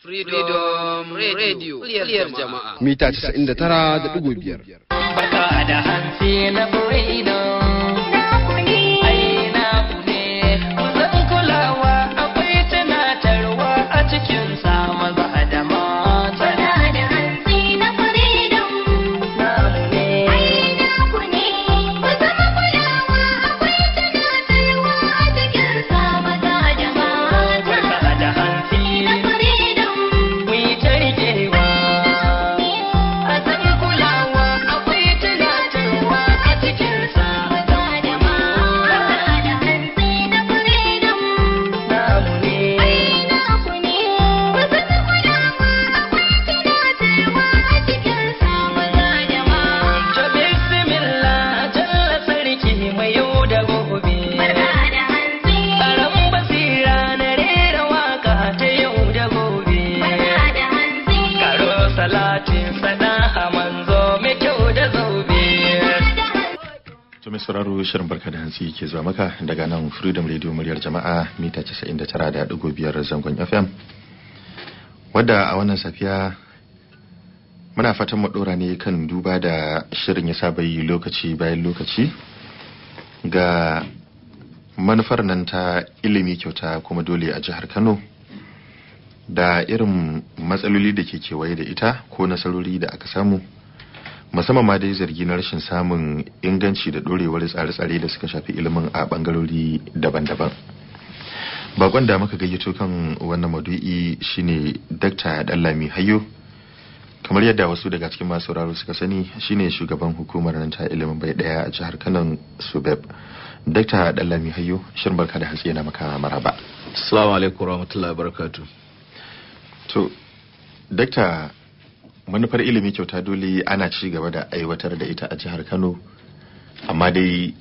Freedom Radio Clear Jama'a. Mita 99.5. Baka da hantsi na Freedom. sauraro shirin barka da hantsi ke zuwa maka daga nan Freedom Radio muryar jama'a mita 99.5 zangon FM. Wadda a wannan safiya muna fatan mu ne kan duba da shirin ya saba yi lokaci bayan lokaci ga manufar nan ta ilimi kyauta kuma dole a jihar Kano da irin matsaloli da ke kewaye da ita ko nasarori da aka samu musamman ma dai zargi na rashin samun inganci da dorewar tsare-tsare da suka shafi ilimin a bangarori daban-daban bakon da muka gayyato kan wannan madu'i shine dr dallami hayo kamar yadda wasu daga cikin masu sauraro suka sani shine shugaban hukumar nan ta ilimin bai daya a jihar kanon subeb dr dallami hayo shirin barka da hatsi yana maka maraba assalamu alaikum warahmatullahi wabarakatuh to dr manufar ilimi kyauta dole ana ci gaba da aiwatar da ita a jihar kano amma dai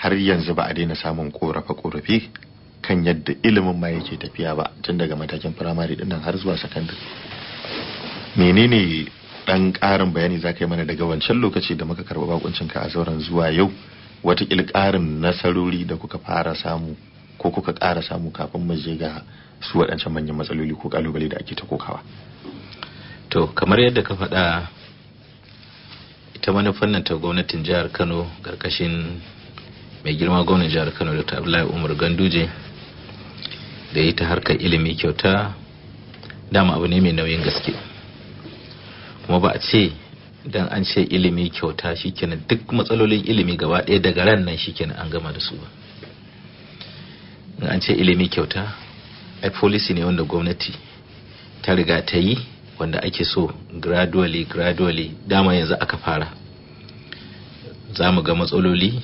har yanzu ba a daina samun korafe-korafe kan yadda ilimin ma yake tafiya ba tun daga matakin firamare dinnan har zuwa sakandare menene dan karin bayani za yi mana daga wancan lokaci da muka karɓi ka a zauren zuwa yau watakila ƙarin nasarori da kuka fara samu ko kuka ƙara samu kafin mu je ga su waɗancan manyan matsaloli ko kalubale da ake ta kokawa to kamar yadda ka faɗa ita manufar nan ta gwamnatin jihar kano ƙarƙashin mai girma gwamnan jihar kano dr abdullahi umar ganduje da yi ta harkar ilimi kyauta dama abu ne mai nauyin gaske kuma ba a ce dan an ce ilimi kyauta shikenan duk matsalolin ilimi gaba ɗaya daga ran nan shikenan an gama da su ba an ce ilimi kyauta ai policy ne wanda gwamnati ta riga ta yi wanda ake so gradually gradually dama yanzu aka fara za mu ga matsaloli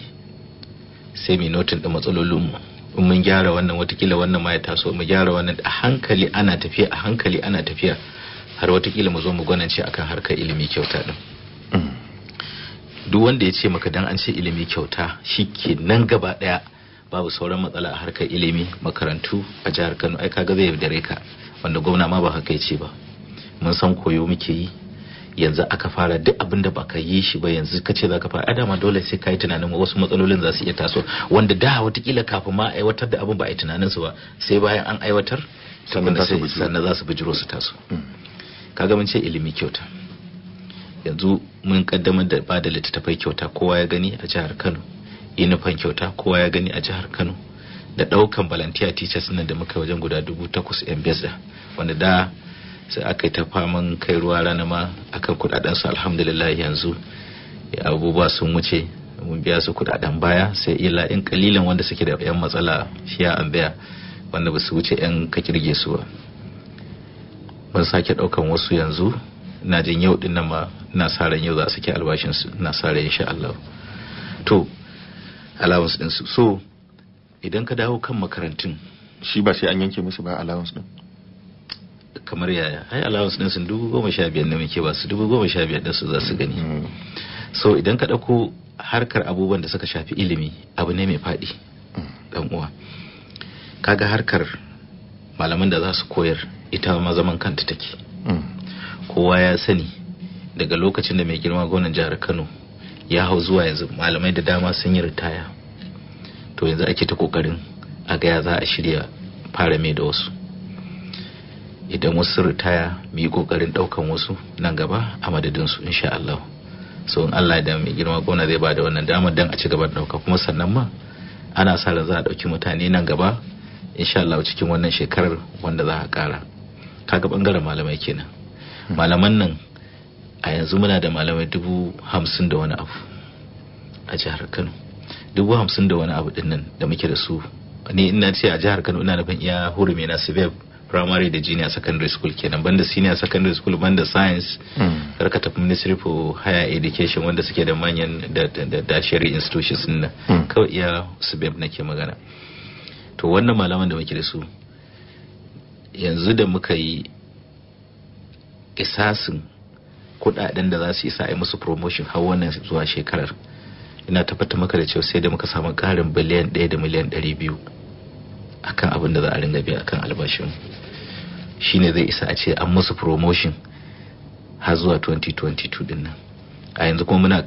sai mu notin da matsalolinmu in mun gyara wannan watakila wannan ma ya taso mu gyara wannan a hankali ana tafiya a hankali ana tafiya har watakila mu zo mu gwanance akan harkar ilimi kyauta din mm. duk wanda ya ce maka dan an ce ilimi kyauta shi ke nan gaba daya babu sauran matsala a harkar ilimi makarantu a jihar kano ai kaga zai dare ka wanda gwamna ma ba haka ya ce ba mun san koyo muke yi yanzu aka fara duk abin da baka yi shi ba yanzu kace za ka fara adama dole sai ka yi tunanin wasu matsalolin za su iya taso wanda da watakila kafin ma aiwatar da abin ba a yi tunanin su ba sai bayan an aiwatar sannan za su bijiro su taso mm. kaga mun ce ilimi kyauta yanzu mun kaddamar da ba da littattafai kyauta kowa ya gani a jihar kano inufan kyauta kowa ya gani a jihar kano da daukan volunteer teachers nan da muka wajen guda dubu takwas yan wanda da sai aka yi ta faman kai ruwa rana ma akan kudaden su alhamdulillah yanzu abubuwa sun wuce mun biya su kudaden baya sai illa in kalilan wanda suke da yan matsala shi ya ambiya wanda ba su wuce yan ka kirge su ba ban sake daukan wasu yanzu na jin yau din nan ma na sa ran yau za su ke albashin su na sa ran insha Allah to allowance din su so idan ka dawo kan makarantun shi ba sai an yanke musu ba allowance din kamar yaya ai allowance din sun dubu goma sha biyar ne muke ba su dubu goma sha biyar din su za su gani hmm. so idan ka ɗauko harkar abubuwan da suka shafi ilimi abu ne mai faɗi dan uwa kaga harkar malaman da za su koyar ita ma zaman kanta take hmm. kowa ya sani daga lokacin da mai girma gonan jihar kano ya hau zuwa yanzu malamai da dama sun yi ritaya to yanzu ake ta kokarin a gaya za a shirya fara mai da wasu idan wasu ritaya mu yi kokarin daukan wasu nan gaba a madadin su insha Allah so in Allah da mai girma gona zai ba da wannan damar dan a ci gaba da dauka kuma sannan ma ana sa ran za a dauki mutane nan gaba insha Allah cikin wannan shekarar wanda za a kara kaga bangaren malamai kenan malaman nan a yanzu muna da malamai dubu hamsin da wani abu a jihar Kano dubu hamsin da wani abu din da muke da su ni ina ce a jihar Kano ina nufin iya hurumi na Sibeb primary da junior secondary school kenan banda senior secondary school banda science hmm. karka tafi ministry for higher education wanda suke da manyan da tertiary institutions din nan hmm. kawai iya su bem nake magana to wannan malaman da muke da su yanzu da muka yi isasin kudaden da za su isa a musu promotion har wannan zuwa shekarar ina tabbata maka da cewa sai da muka samu karin biliyan 1 da miliyan 200 akan abin da za a ringa biya akan albashin shine zai isa a ce an musu promotion har zuwa 2022 din nan a yanzu kuma muna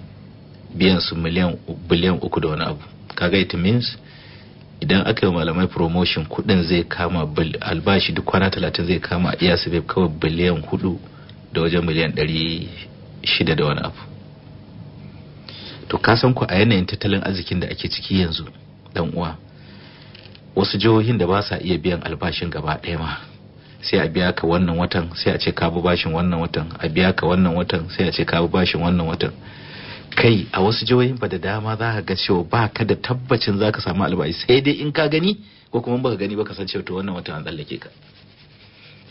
biyan su miliyan biliyan uku da wani abu kaga it means idan aka yi malamai promotion kudin zai kama albashi duk kwana talatin zai kama iya su kawai biliyan hudu da wajen miliyan ɗari shida da wani abu to kasan ku a yanayin tattalin arzikin da ake ciki yanzu dan uwa wasu jihohin da ba sa iya biyan albashin gaba ɗaya ma sai a biya ka wannan watan sai a ce ka bi bashin wannan watan a biya ka wannan watan sai a ce ka bi bashin wannan watan kai a wasu jihohin ba da dama za ka ga cewa ba ka da tabbacin za ka samu albashi sai dai in ka gani ko kuma ba ka gani ba ka san cewa to wannan watan an tsallake ka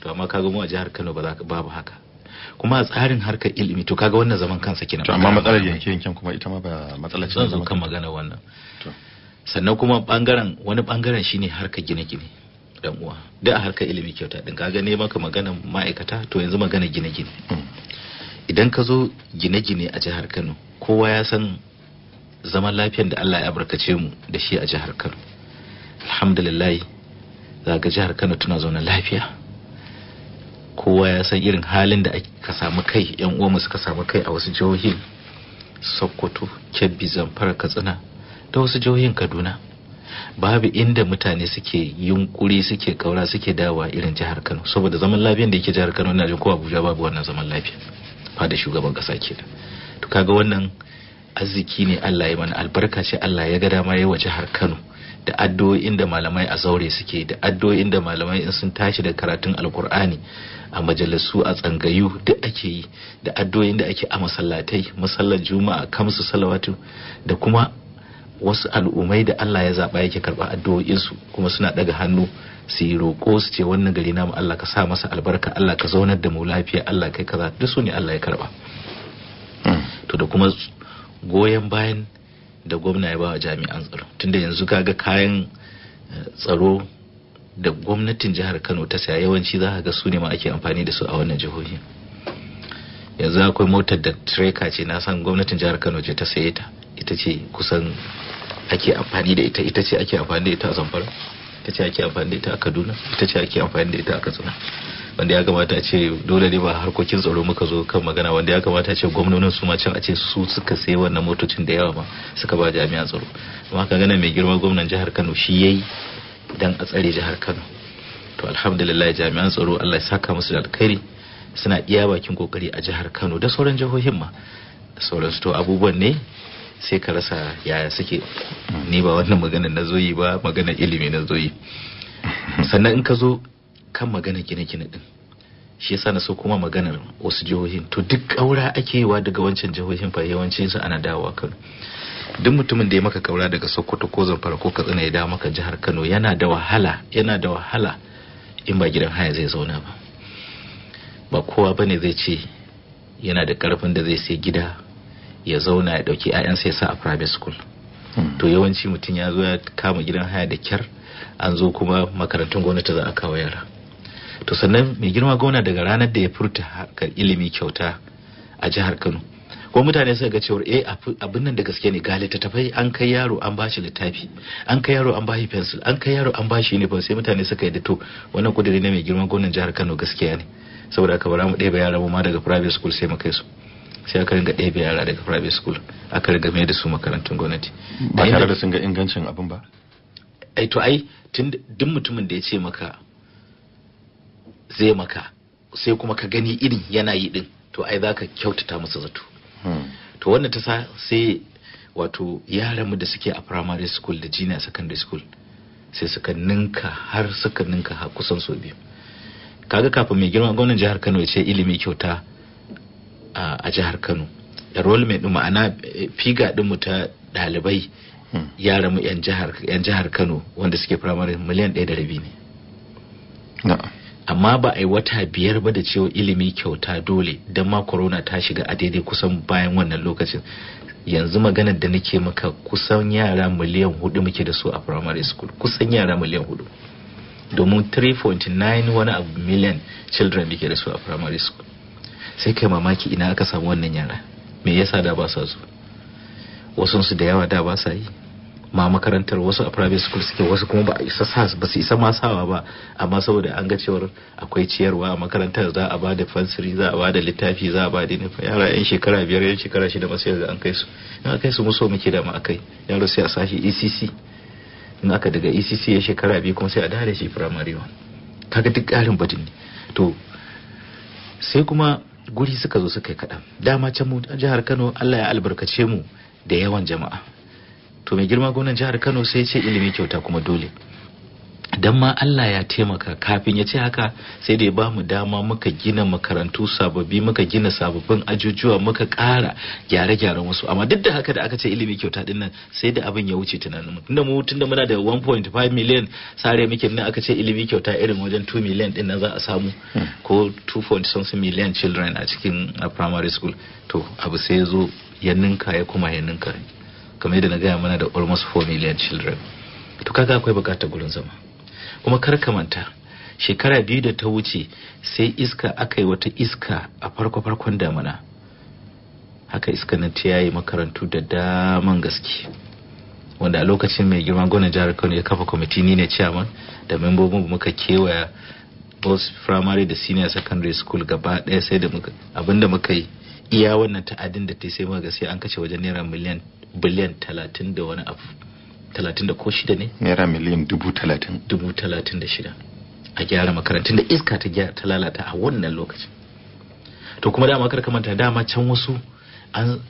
to amma ka ga mu a jihar Kano ba za ka babu haka kuma a tsarin harkar ilimi to kaga wannan zaman kansa kina to amma matsalar yanke yanken kuma ita ma ba matsalar ce zan zo kan magana wannan sannan kuma bangaren wani bangaren shine harkar gine-gine dan uwa da harkar ilimi kyauta din kaga ne maka magana ma'aikata to yanzu magana gine-gine hmm. idan ka zo gine-gine a jihar Kano kowa ya san zaman lafiyar da Allah ya barkace mu da shi a jihar Kano alhamdulillah za ga jihar Kano tana zauna lafiya kowa ya san irin halin da ka samu kai yan uwa mu suka samu kai a wasu jihohi Sokoto Kebbi Zamfara Katsina ta wasu jihohin kaduna babu inda mutane suke yunkuri suke kaura suke dawa irin jihar kano saboda zaman lafiyan da yake jihar kano na jin ko abuja babu wannan zaman lafiya fa da shugaban kasa da. to kaga wannan arziki ne allah ya mana albarka ce allah ya ga dama yayi wa jihar kano da addu'o'in da malamai a zaure suke da addu'o'in da malamai in sun tashi da karatun alkur'ani a majalisu a tsangayu duk ake yi da addu'o'in da ake a masallatai masallar juma'a kamsu salawatu da kuma wasu al'ummai da Allah ya zaɓa yake karɓa addu'o'insu kuma suna ɗaga hannu su yi roƙo su ce wannan gari namu Allah ka sa masa albarka Allah ka zaunar da mu lafiya Allah kai kaza duk su ne Allah ya karɓa hmm. to da kuma goyon bayan da gwamna ya bawa jami'an tsaro tunda yanzu kaga kayan eh, tsaro da gwamnatin jihar Kano ta saya yawanci za ka ga su ne ma ake amfani da su a wannan jihohi yanzu akwai motar da treka ce na san gwamnatin jihar Kano ce ta saye ta ita ce kusan ake amfani da ita ita ce ake amfani da ita a zamfara ita ce ake amfani da ita a kaduna ita ce ake amfani da ita a katsina wanda ya kamata ce dole ne ba harkokin tsaro muka zo kan magana wanda ya kamata ce gwamnonin su ma can a ce su suka sai wannan motocin da yawa ma suka ba jami'an tsaro amma ka gana mai girma gwamnan jihar kano shi yayi dan a tsare jihar kano to alhamdulillah jami'an tsaro Allah ya saka musu da alkhairi suna iya bakin kokari a jihar kano da sauran jihohin ma sauransu to abubuwan ne sai ka rasa yaya suke ni ba wannan magana na zoyi ba magana ilimi na zoyi sannan in ka zo kan magana gine-gine din shi yasa na so kuma maganar wasu jihohin to duk kaura ake wa daga wancan jihohin fa yawanci su ana dawowa Kano duk mutumin da ya maka kaura daga Sokoto ko Zamfara ko Katsina ya dawo maka jihar Kano yana da wahala yana da wahala in ba gidan haya zai zauna ba ba kowa bane zai ce yana da karfin da zai sai gida ya zauna ya dauki 'ya'yansa ya sa a private school hmm. to yawanci mutum ya zo ya kama gidan haya da kyar an zo kuma makarantun gwamnati za a kawo yara to sannan mai girma gwamna daga ranar da ya furta harkar ilimi kyauta a jihar kano ko mutane suka ga cewar eh abin nan da gaske ne ga littattafai an kai yaro an bashi littafi an kai yaro an bashi pencil an kai yaro an bashi uniform sai mutane suka yi da to wannan kudiri ne mai girma gwamnan jihar kano gaskiya ne saboda haka bara mu ɗebe yaran mu ma daga private school sai mu kai su sai aka ringa ɗebe yara daga private school aka ringa mai da su makarantun gwamnati ba tare da sun ga ingancin abin ba ai to ai tun duk mutumin da ya ce maka zai maka sai kuma ka gani irin yana yi din to ai zaka kyautata masa zato hmm. to wannan ta sa sai wato yaran mu da suke a primary school da junior secondary school sai suka ninka har suka ninka har kusan so biyu kaga kafin mai girma gwamnan jihar Kano ya ce ilimi kyauta a jihar kano enrollment din ma'ana eh, figa din mu ta dalibai hmm. ya mu yan jihar kano wanda suke firamare miliyan ɗaya da rabi ne amma ba a yi wata biyar ba da cewa ilimi kyauta dole don ma corona ta shiga a daidai kusan bayan wannan lokacin yanzu maganar da nake maka kusan yara miliyan hudu muke da su a primary school kusan yara miliyan hudu domin 3.9 wani abu miliyan children muke da su a primary school sai kai mamaki ina aka samu wannan yara me yasa da ba sa zo wasu su da yawa da ba sa yi ma makarantar wasu a private school suke wasu kuma ba isa sa ba su isa masawa ba amma saboda an ga cewar akwai ciyarwa a makarantar za a bada fansiri za a bada littafi za a bada nufa yara yan shekara biyar yan shekara shida masu yanzu an kai su in aka kai su muso muke da ma akai yaro sai a sashi ECC in aka daga ECC ya shekara biyu kuma sai a dare shi primary one kaga duk ƙarin batun ne to sai kuma guri suka zo suka yi kaɗan dama can mu jihar kano allah ya albarkace mu da yawan jama'a to mai girma gwamnan jihar kano sai ce ilimi kyauta kuma dole dan ma Allah ya taimaka kafin ya ce haka sai da ya ba mu dama muka gina makarantu sababbi muka gina sababbin ajujuwa muka ƙara gyare-gyaren wasu amma duk da haka da aka ce ilimi kyauta din nan sai da abin ya wuce tunanin mu tunda mu tunda muna da 1.5 million sare muke nan aka ce ilimi kyauta irin wajen 2 million din nan za a samu hmm. ko 2. million children a cikin primary school to abu sai ya zo ya ninka ya kuma ya ninka kamar yadda na gaya mana da almost 4 million children to kaga akwai bukatar gurin zama kuma kar manta shekara biyu da ta wuce sai iska aka yi wata iska a farko-farkon damina haka iska na ta yayi makarantu da daman gaske wanda a lokacin mai girma gona jihar kano ya kafa kwamiti ni ne chairman da membobin muka kewaya both primary da senior secondary school gaba ɗaya sai da muka abinda muka yi iya wannan ta'adin da ta sai muka gaske an kashe wajen naira miliyan biliyan talatin da wani abu talatin da ko shida ne naira miliyan dubu talatin dubu talatin da shida a gyara makarantun da iska ta lalata a wannan lokacin to kuma dama kar ka manta dama can wasu an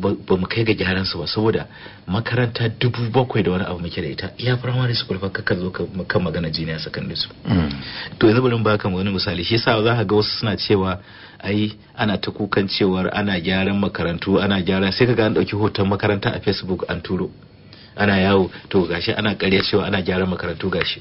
ba mu kai ga gyaran su ba saboda makaranta dubu bakwai da wani abu muke da ita ya primary su fa kaka zo kan magana jiniya secondary su. Mm. to yanzu bari baka wani misali shi yasa za ka ga wasu suna cewa ai ana ta kukan cewar ana gyaran makarantu ana gyara sai ga an dauki hoton makaranta a Facebook an turo ana yawo to gashi ana ƙarya cewa ana gyara makarantu gashi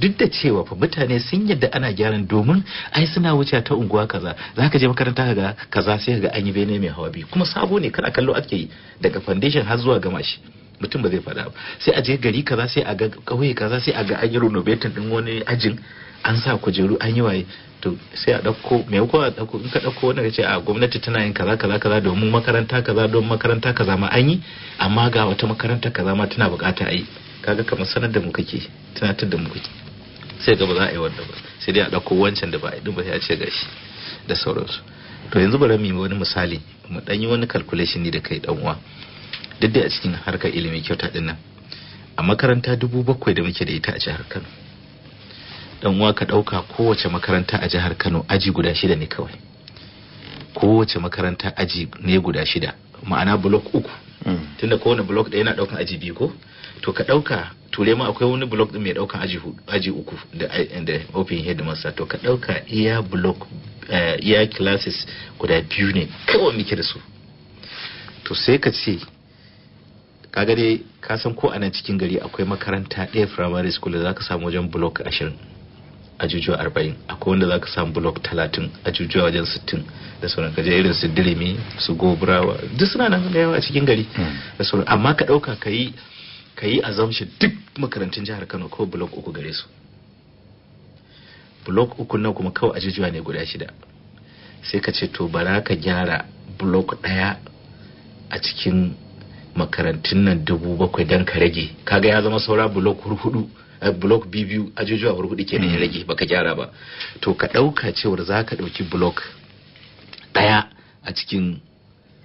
duk da cewa fa mutane sun yadda ana gyaran domin ai suna wuce ta unguwa kaza zaka je makaranta kaga kaza sai ga an yi bene mai hawa biyu kuma sabo ne kana kallo ake yi daga foundation har zuwa gama shi mutum ba zai faɗa ba sai a je gari kaza sai a ga ƙauye kaza sai a ga an yi renovating din wani ajin an sa kujeru an yi waye to sai a ɗauko maimakon a ɗauko in ka ɗauko wani ka ce a gwamnati tana yin kaza kaza kaza domin makaranta kaza don makaranta kaza ma an yi amma ga wata makaranta kaza ma tana bukata a yi kaga kamar sanar da mu kake tunatar da mu kake sai ga za a yi wanda ba sai dai a ɗauko wancan da ba a yi ba sai a ce gashi da sauransu to yanzu bari mu yi wani misali mu ɗan yi wani calculation ne da kai ɗan uwa duk dai a cikin harkar ilimi kyauta ɗin nan a makaranta dubu bakwai da muke da ita a jihar Kano dan uwa ka dauka kowace makaranta a jihar Kano aji guda shida ne kawai kowace makaranta aji ne guda shida ma'ana block uku hmm. tunda kowane block da yana daukan aji biyu ko to ka dauka ture ma akwai wani block din mai daukan aji aji uku da da open head masa to ka dauka iya block eh, iya classes guda biyu ne kawai muke da su to sai ka ce kaga dai ka san ko a nan cikin gari akwai makaranta ɗaya primary school da zaka samu wajen block ashirin ajujuwa arba'in akwai wanda zaka samu blok talatin ajujuwa wajen sittin da sauran kaje irin su dirimi su goburawa duk suna nan da yawa a cikin gari hmm. da sauran amma ka ɗauka ka yi ka yi duk makarantun jihar kano ko blok uku gare su blok uku na kuma kawai ajujuwa ne guda shida sai ka ce to bara ka gyara blok ɗaya a cikin makarantun nan dubu bakwai don ka rage kaga ya zama saura blok hudu Eh, block biyu ajujuwa hudu kenan ya hmm. rage baka gyara ba to ka dauka cewar za ka dauki block daya a cikin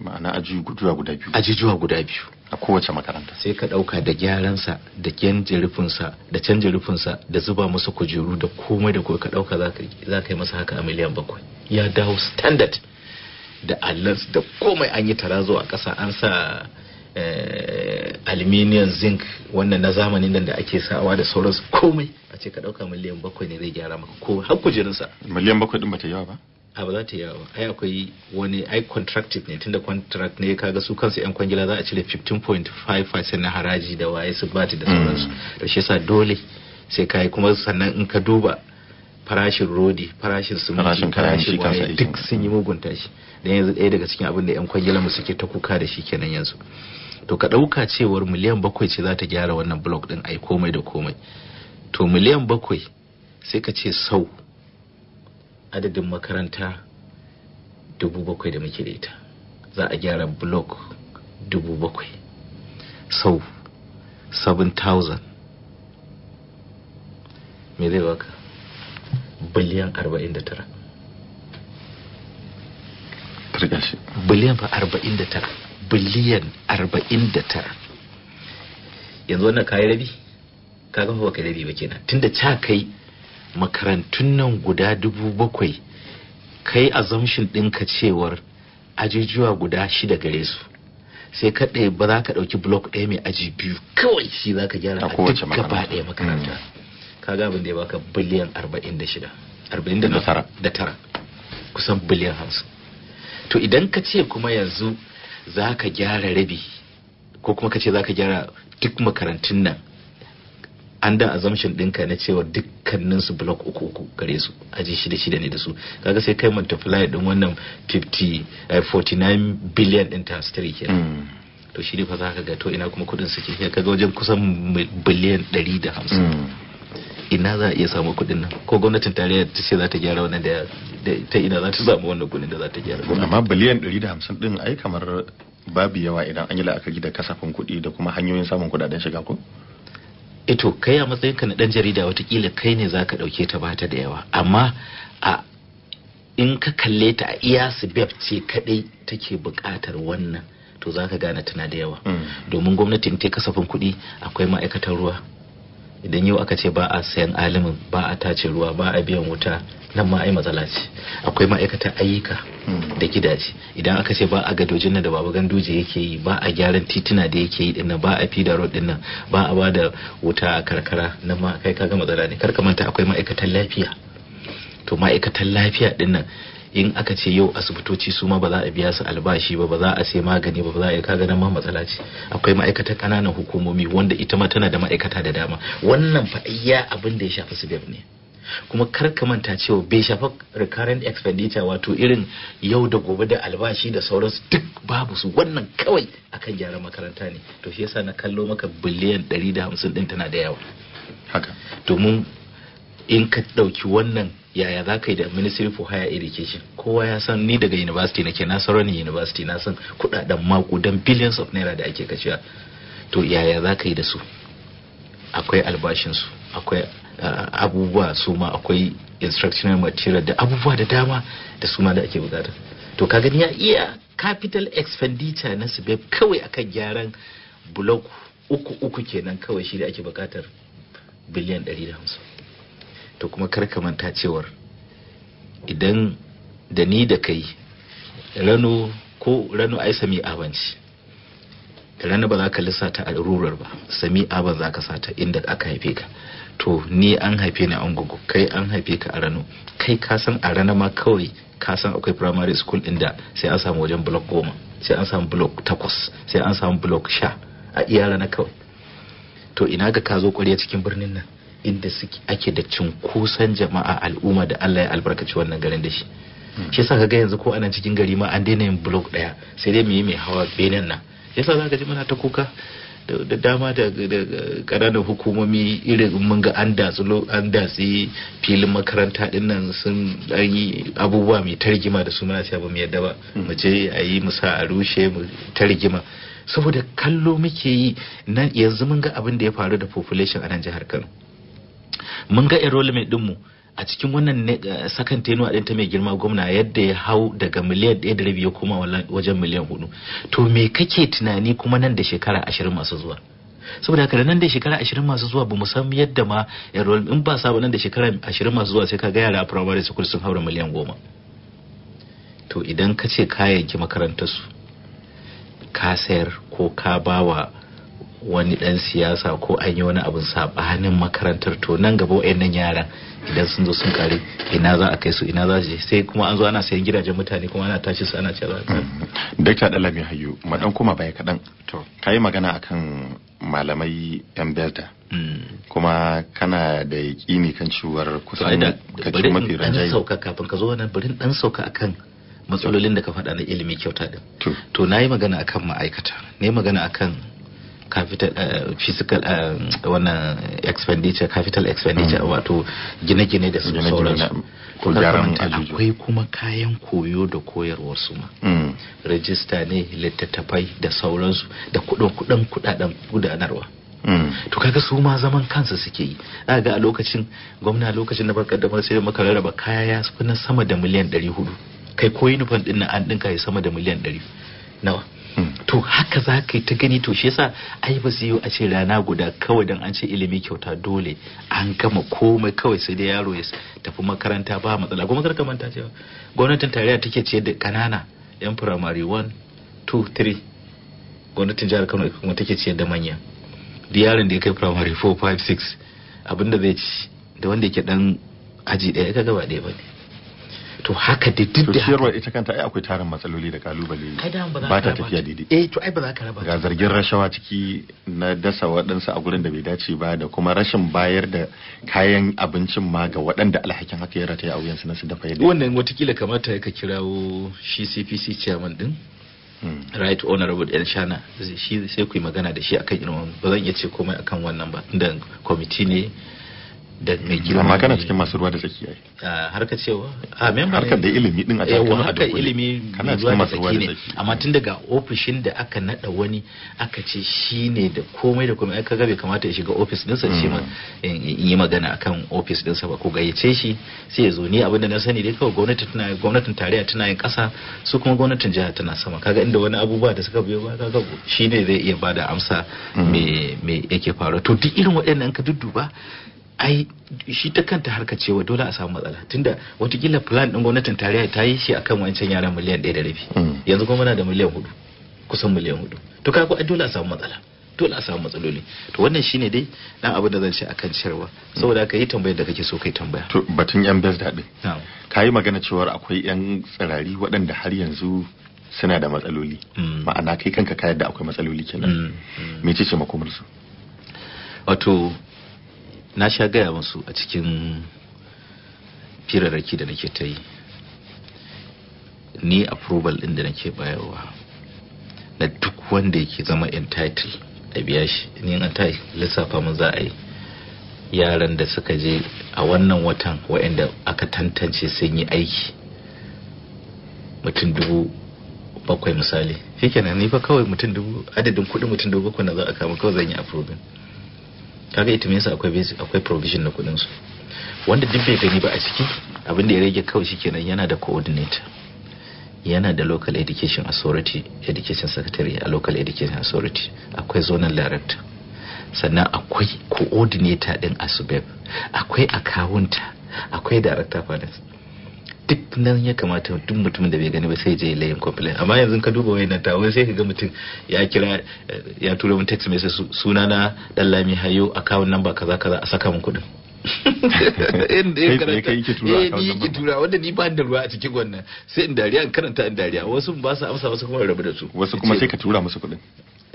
ma'ana ajujuwa guda biyu ajujuwa guda biyu a kowace makaranta sai ka dauka da gyaran sa da canje sa da canje rufinsa da zuba masa kujeru da komai da komai ka dauka za ka yi masa haka a miliyan bakwai ya dawo standard da allas da komai an yi tarazo a ƙasa an sa Eh, aluminium zinc wannan na zamanin nan da ake sawa da sauransu komai a ce ka dauka miliyan bakwai ne zai gyara maka ko har sa miliyan bakwai din bata yawa ba a ba za ta yawa ai akwai wani ai contractive ne tunda contract ne kaga su kansu yan kwangila za a cire 15.5% na haraji da waye su bata da mm. sauransu da shi yasa dole sai kai kuma sannan in ka duba farashin rodi farashin siminti farashin waye duk sun yi mugunta shi dan yanzu ɗaya daga cikin abin da yan kwangila mu suke ta kuka da shi kenan yanzu to ka ɗauka cewar miliyan bakwai ce za ta gyara wannan blog ɗin ai komai da komai to miliyan bakwai sai ka ce sau adadin makaranta dubu bakwai da muke da ita za a gyara blog dubu bakwai sau 7,000 me zai baka biliyan 49 biliyan 49 biliyan 49 yanzu wannan kayi rabi ka ga ba rabi ba kenan tunda ca kai makarantun nan guda dubu bakwai kai assumption ɗinka cewar ajujuwa guda shida gare su sai ka ɗaya ba za ka ɗauki blok ɗaya mai aji biyu kawai shi za ka gyara a duk gaba ɗaya makaranta ka ga abin da ya baka biliyan arba'in da shida arba'in da tara kusan biliyan hamsin to idan ka ce kuma yanzu za ka gyara rabi ko kuma ka ce za ka gyara duk makarantun nan an da azamshin ɗinka na cewa dukkanin su block uku uku gare su aji shida shida ne da su kaga sai kai multiply din wannan 49 eh, billion din ta 3 kenan mm. to shi ne fa za ka ga to ina kuma kudin suke kaga wajen kusan biliyan 150 ina za a iya samu kuɗin nan ko gwamnatin tarayya ta ce za ta gyara wannan da ta ina za ta samu wannan kuɗin da za ta gyara amma biliyan 150 din ai kamar babu yawa idan an yi la'akari da kasafin kuɗi da kuma hanyoyin samun kuɗaɗen shiga ko eh to kai a matsayin ka na dan jarida watakila kai ne za ka ɗauke ta bata da yawa amma a in ka kalle ta a iya bep ce kadai take buƙatar wannan to zaka gane tana da yawa mm. domin gwamnati in ta kasafin kuɗi akwai ma'aikatan ruwa idan yau aka ce ba a sayan alimin ba a tace ruwa ba a biyan wuta nan ma ai matsala ce akwai ma'aikatan ayyuka hmm. da gidaje idan aka ce ba a gadojin nan da baba ganduje yake yi ba a gyaran tituna da yake yi dinnan ba a fida road dinnan ba a ba da wuta a karkara nan ma kai kaga matsala ne ka manta akwai ma'aikatan lafiya to ma'aikatan lafiya dinnan in aka ce yau asibitoci su ma ba za a biya su albashi ba ba za a sai magani ba ba za a yi kaga nan ma matsala ce akwai ma'aikatan kananan hukumomi wanda ita ma tana da ma'aikata da dama wannan fa iya abin da ya shafi su ne kuma kar ka manta cewa bai shafa recurrent expenditure wato irin yau da gobe da albashi da sauransu duk babu su wannan kawai akan gyaran makaranta ne to shi yasa na kallo maka biliyan 150 din tana da yawa haka domin in ka ɗauki wannan yaya za ka yi da ministry for higher education kowa ya san ni daga university ke na sauran university na san kudaden makudan billions of naira da ake kashewa to yaya za ka yi da su akwai albashinsu akwai ah, abubuwa su ma akwai instructional material da abubuwa da dama da su ma da ake bukata to ka gani ya iya capital expenditure na su kawai akan gyaran blok uku uku kenan kawai shi da ake bukatar biliyan 150 to kuma karka manta cewar idan da ni da kai rano ko rano ai sami abanci rana ba za ka lissata a rurar ba sami aban za ka sata inda aka haife ka to ni an haife ni an gugu kai an haife ka a rano kai ka san a rana ma kawai ka san akwai primary school inda sai an samu wajen block goma sai an samu block takwas sai an samu block sha a iya rana kawai to ina ga ka zo kwarya cikin birnin nan inda ake da cunkoson jama'a al'umma da Allah ya albarkaci wannan garin da shi hmm. shi yasa kaga yanzu ko anan cikin gari ma an daina yin blok daya sai dai mu yi mai hawa benen nan yasa zaka ji muna ta kuka da dama da ƙananan hukumomi irin mun ga an datsi an datsi filin makaranta din nan sun an yi abubuwa mai targima da su muna cewa ba mu yadda ba hmm. mu je a yi mu sa a rushe mu targima saboda kallo muke yi nan yanzu mun ga abin da ya faru da population a nan jihar Kano mun ga enrollment dinmu a cikin wannan sakan a din ta mai girma gwamna yadda ya hau daga miliyan ɗaya da rabi ya koma wajen miliyan hudu to me kake tunani kuma nan da shekara ashirin masu zuwa saboda haka nan da shekara ashirin masu zuwa ba san yadda ma enrollment in ba sa nan da shekara ashirin masu zuwa sai ka ga yara a primary school sun haura miliyan goma to idan ka ce ka yanki makarantarsu ka sayar ko ka bawa wani dan siyasa ko an yi wani abin sabanin makarantar to nan gaba wayannan yaran idan sun zo sun kare ina za a kai su ina za su je sai kuma an zo ana sayan gidajen mutane kuma ana tashi su ana cewa mm-hmm. Dr. Dalami mai hayu madan kuma baya kadan to kai magana akan malamai yan belda mm. kuma kana da yakini kan ciwar kusan kacin mafi ranjayi sauka kafin ka zo wannan bari dan sauka akan matsalolin da ka faɗa na ilimi kyauta din to na yi magana akan ma'aikata ne magana akan capital uh, physical uh, wannan expenditure capital expenditure hmm. wato gine-gine da su sauransu akwai kuma kayan koyo da koyarwar su ma hmm. rajista ne littattafai da sauransu da kudin kudaden gudanarwa hmm. to kaga su ma zaman kansa suke yi a ga a lokacin gwamna lokacin da baka damar sai maka rarraba kaya ya na sama da miliyan 400 kai ko nufan din an dinka ya sama da miliyan 100 nawa to haka za ka yi ta gani to shi yasa ai ba zai yi a ce rana guda kawai don an ce ilimi kyauta dole an gama komai kawai sai dai yaro ya tafi makaranta ba matsala kuma kar ka manta cewa gwamnatin tarayya take ce da kanana yan firamare 1 2 3 gwamnatin jihar Kano kuma take ce da manya da yaron da ya kai firamare 4 5 6 abinda zai ci da wanda yake dan aji daya ɗaya ba daya ne to haka da duk da haka ita kanta ai akwai tarin matsaloli da kalubale ba ta tafiya daidai eh to ai ba za ka raba ga zargin rashawa ciki na dasa waɗansu a gurin da bai dace ba da kuma rashin bayar da kayan abincin ma ga waɗanda alhakin haka ya rataya a su na su dafa yadda wannan watakila kamata ka kirawo shi CPC chairman din hmm. right honorable el shana shi sai ku yi magana da shi akan irin ba zan iya ce komai akan wannan ba da kwamiti ne da mai girma amma kana cikin masu ruwa da tsaki ai ah, ka cewa a ah, member harkar da ilimi din a cikin harkar ilimi kana cikin masu ruwa da tsaki amma tun daga ofishin da aka nada wani aka ce shine da komai da komai kaga bai kamata ya shiga office din sa ce ma mm. in yi magana akan office din sa ba ko gayyace shi sai ya zo ni abinda na sani dai kawai gwamnati tana gwamnatin tarayya tana yin kasa su kuma gwamnatin jiha tana sama kaga inda wani abubuwa da suka biyo ba kaga shine zai iya bada amsa mm. me me yake faruwa to duk irin waɗannan ka dudduba ai shi ta kanta harka cewa dole a samu matsala tunda watakila plan din gwamnatin tarayya ta yi shi akan wancan yara miliyan ɗaya da rabi mm. yanzu kuma muna da miliyan hudu kusan miliyan hudu to kaga ai dole a samu matsala dole a samu matsaloli to wannan shine dai dan abin da zan ce akan cewa saboda ka yi tambayar da kake so kai tambaya to batun yan bel daɗi ka yi magana cewa akwai yan tsirari waɗanda har yanzu suna da matsaloli mm. ma'ana kai kanka ka yadda akwai matsaloli kenan mm. ce ce makomarsu wato na sha gaya musu a cikin firarraki da nake ta yi ni approval ɗin da nake bayarwa na duk wanda yake zama entitled a biya shi ni an ta lissafa mun za a yi yaran da suka je a wannan watan waɗanda aka tantance sun yi aiki mutum dubu bakwai misali shi kenan ni fa kawai mutum dubu adadin kuɗi mutum dubu bakwai na za a kama kawai zan yi approval kaga ita me yasa akwai basic akwai provision na kuɗin su wanda duk bai gani ba a ciki abin da ya rage kawai kenan yana da coordinator yana da local education authority education secretary a local education authority akwai zonal director sannan akwai coordinator din asubeb akwai accountant akwai director finance duk nan ya kamata duk mutumin da bai gani ba sai je layin complain amma yanzu ka duba wayannan ta wai sai ka ga mutum ya kira ya tura mun text message suna na Dallami Hayo account number kaza kaza a saka mun in da ya karanta eh ni yake tura wanda ni ba da ruwa a cikin wannan sai in dariya in karanta in dariya wasu ba su amsa wasu kuma rabu da su wasu kuma sai ka tura musu kudin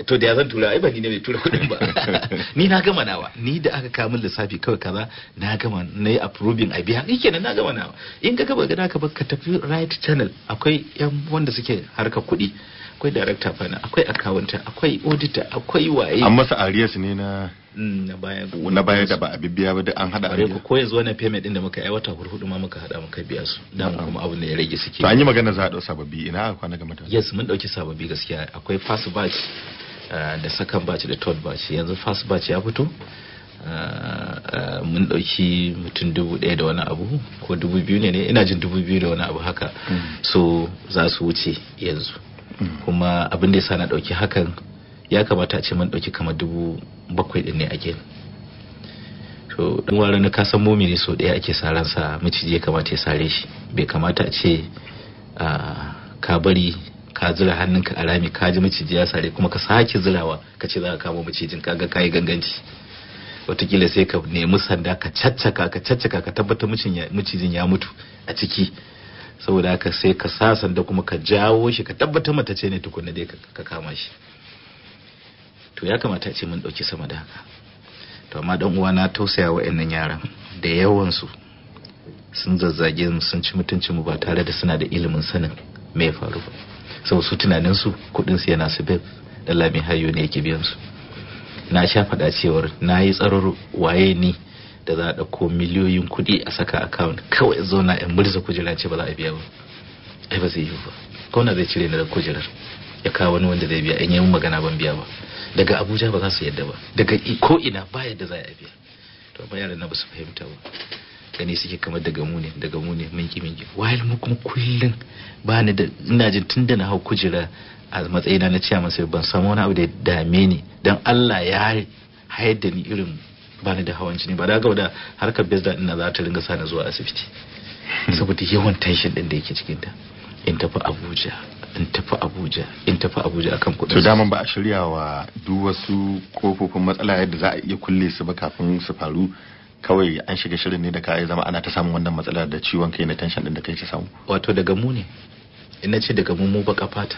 to da ya zan tura ai ba ni ne mai tura kuɗin ba ni na gama nawa ni da aka kawo min lissafi kawai kaza na gama na yi approving a biya kenan na gama nawa in ka gaba gana ka ba ka tafi right channel akwai yan wanda suke harkar kuɗi akwai director fana akwai accountant akwai auditor akwai waye an masa arias ne na mm, na baya Na baya da ba a bibiya ba da an hada arias ko yanzu wannan payment din da muka yi wata hurhudu ma muka hada muka biya su dan kuma abu ne ya rage suke to an yi magana za a dau sababbi ina aka kwana ga mutane yes mun dauki sababbi gaskiya akwai fast batch Eh, da second batch da third batch yanzu first batch ya fito eh, eh, mun ɗauki mutum dubu ɗaya da wani abu ko dubu biyu ne ne ina jin dubu biyu da wani abu haka mm. so za su wuce yanzu mm. kuma abin da ya sa na ɗauki hakan ya kamata a ce mun ɗauki kamar dubu bakwai ɗin ne a gen to dan wara na kasan momi ne so ɗaya ake sa ransa miciji ya kamata ya sare shi bai kamata a ce ah, ka bari ka zura hannunka a rami ka ji maciji ya sare kuma ka sake zirawa ka ce za ka kamo macijin kaga ka yi ganganci watakila sai ka nemi sanda ka caccaka ka caccaka ka tabbata macijin ya mutu a ciki saboda haka sai ka sa sanda kuma ka jawo shi ka tabbata mata ce ne tukunna dai ka kama shi to ya kamata ce mun dauki sama da haka to amma dan uwa na tausaya wa'annan yaran da yawan su sun zazzage mu sun ci mutuncin mu ba tare da suna da ilimin sanin me ya faru ba sau su tunanin su kudin su yana su beb da lamin hayo ne yake biyan su na sha faɗa cewar na yi tsarar waye ni da za a ɗauko miliyoyin kuɗi a saka akawun. kawai zauna in murza kujera ce ba za a biya ba ai ba zai yi ba kawai zai cire na da kujerar ya kawo wani wanda zai biya in yi magana ban biya ba daga abuja ba za su yadda ba daga ko ina ba yadda za a biya to ba yaran na ba su fahimta ba mutane suke kamar daga mu ne daga mu ne minki minki wayar mu kuma kullun ba ni da ina jin tunda na hau kujera a matsayina na ciya masa ban samu wani abu da ya dame ni dan Allah ya hayar da ni irin ba ni da hawan jini ba da ga da harkar bezda ina za ta ringa sani zuwa asibiti hmm. saboda yawan tension din da yake cikin ta in tafi Abuja in tafi Abuja in tafi Abuja akan kudin to daman ba a shirya wa duk wasu kofofin matsala yadda za a iya kulle su ba kafin su faru kawai an shiga shirin ne da ka zama ana ta samun wannan matsalar da ciwon kai na tension din da kai ta samu wato daga mu ne ina ce daga mu mu baka fata